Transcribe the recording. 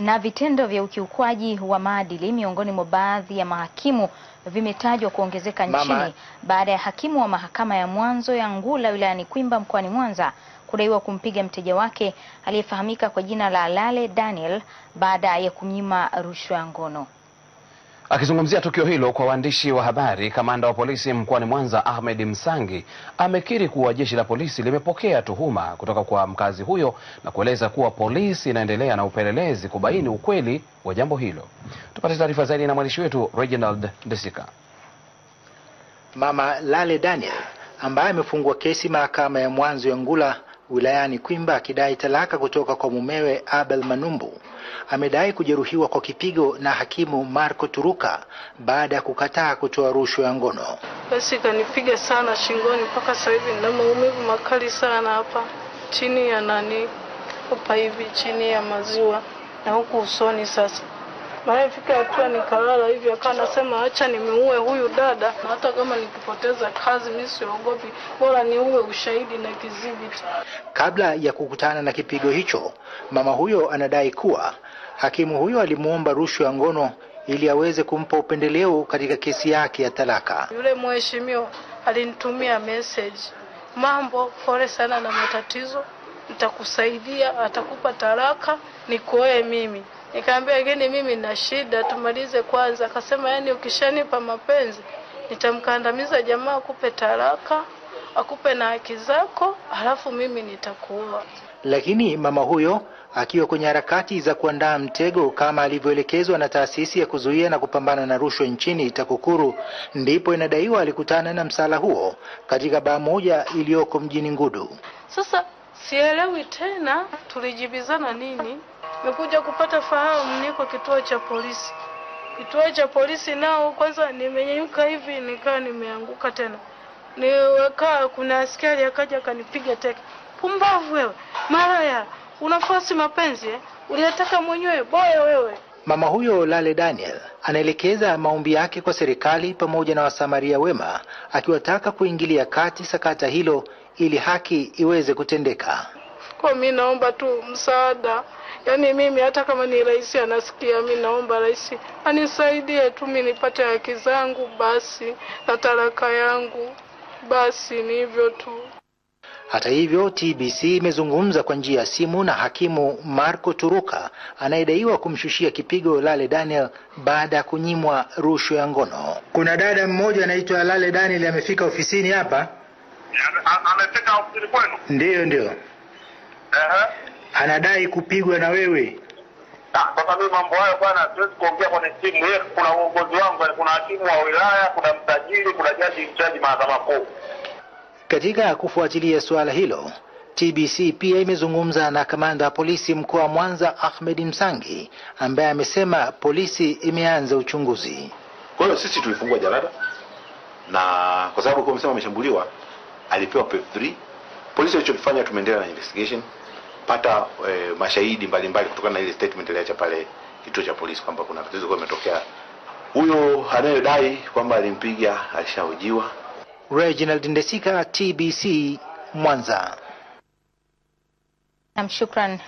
na vitendo vya ukiukwaji wa maadili miongoni mwa baadhi ya mahakimu vimetajwa kuongezeka nchini baada ya hakimu wa mahakama ya mwanzo ya Ngula wilayani Kwimba mkoani Mwanza kudaiwa kumpiga mteja wake aliyefahamika kwa jina la Lale Daniel baada ya kumnyima rushwa ya ngono. Akizungumzia tukio hilo kwa waandishi wa habari, kamanda wa polisi mkoani Mwanza Ahmed Msangi amekiri kuwa jeshi la polisi limepokea tuhuma kutoka kwa mkazi huyo na kueleza kuwa polisi inaendelea na upelelezi kubaini ukweli wa jambo hilo. Tupate taarifa zaidi na mwandishi wetu Reginald Desika. Mama Lale Daniel ambaye amefungua kesi mahakama ya mwanzo ya Ngula wilayani Kwimba akidai talaka kutoka kwa mumewe Abel Manumbu. Amedai kujeruhiwa kwa kipigo na hakimu Marco Turuka baada ya kukataa kutoa rushwa ya ngono. Basi kanipiga sana shingoni mpaka sasa hivi nina maumivu makali sana hapa chini ya nani hapa hivi chini ya maziwa na huku usoni sasa Maefika ifika hatua nikalala hivyo, akawa nasema acha nimeue huyu dada, na hata kama nikipoteza kazi mimi siogopi, bora niue ushahidi na kizibiti. Kabla ya kukutana na kipigo hicho, mama huyo anadai kuwa hakimu huyo alimwomba rushwa ya ngono ili aweze kumpa upendeleo katika kesi yake ya talaka. Yule mheshimiwa alinitumia message, mambo pole sana na matatizo nitakusaidia, atakupa talaka nikuoe mimi. Nikaambia lakini mimi na shida, tumalize kwanza. Akasema yani, ukishanipa mapenzi nitamkandamiza jamaa akupe talaka akupe na haki zako, halafu mimi nitakuoa. Lakini mama huyo akiwa kwenye harakati za kuandaa mtego kama alivyoelekezwa na taasisi ya kuzuia na kupambana na rushwa nchini TAKUKURU, ndipo inadaiwa alikutana na msala huo katika baa moja iliyoko mjini Ngudu. Sasa Sielewi tena tulijibizana nini. Nimekuja kupata fahamu, niko kituo cha polisi. Kituo cha polisi nao, kwanza nimenyuka hivi nikaa nimeanguka tena, niwekaa, kuna askari akaja akanipiga teke. Pumbavu wewe, maraya, unafosi mapenzi eh? Uliyataka mwenyewe, boya wewe. Mama huyo Lale Daniel anaelekeza maombi yake kwa serikali pamoja na wasamaria wema, akiwataka kuingilia kati sakata hilo ili haki iweze kutendeka. Kwa mi naomba tu msaada, yaani mimi hata kama ni rais anasikia, mi naomba rais anisaidie tu mi nipate haki zangu basi na taraka yangu basi, ni hivyo tu. Hata hivyo TBC imezungumza kwa njia ya simu na hakimu Marco Turuka anayedaiwa kumshushia kipigo Lale Daniel baada ya kunyimwa rushwa ya ngono. Kuna dada mmoja anaitwa Lale Daniel amefika ofisini hapa amefika ofisini kwenu? Ndiyo, ndio Ehe, anadai kupigwa na wewe. Ah, sasa mimi mambo hayo bwana, siwezi kuongea kwenye simu. Yeye kuna uongozi wangu, kuna hakimu wa wilaya, kuna msajili, kuna jaji mchaji mahakama kuu. Katika kufuatilia suala hilo, TBC pia imezungumza na kamanda wa polisi mkoa wa Mwanza Ahmed Msangi ambaye amesema polisi imeanza uchunguzi. Kwa hiyo sisi tulifungua jalada na kwa sababu kwa msema ameshambuliwa alipewa PEP 3. Polisi alichokifanya tumeendelea na investigation pata e, mashahidi mbalimbali kutokana na ile statement aliacha pale kituo cha polisi kwamba kuna tatizo kwa imetokea. Huyo anayedai kwamba alimpiga alishahojiwa. Reginald Ndesika, TBC, Mwanza. Namshukran.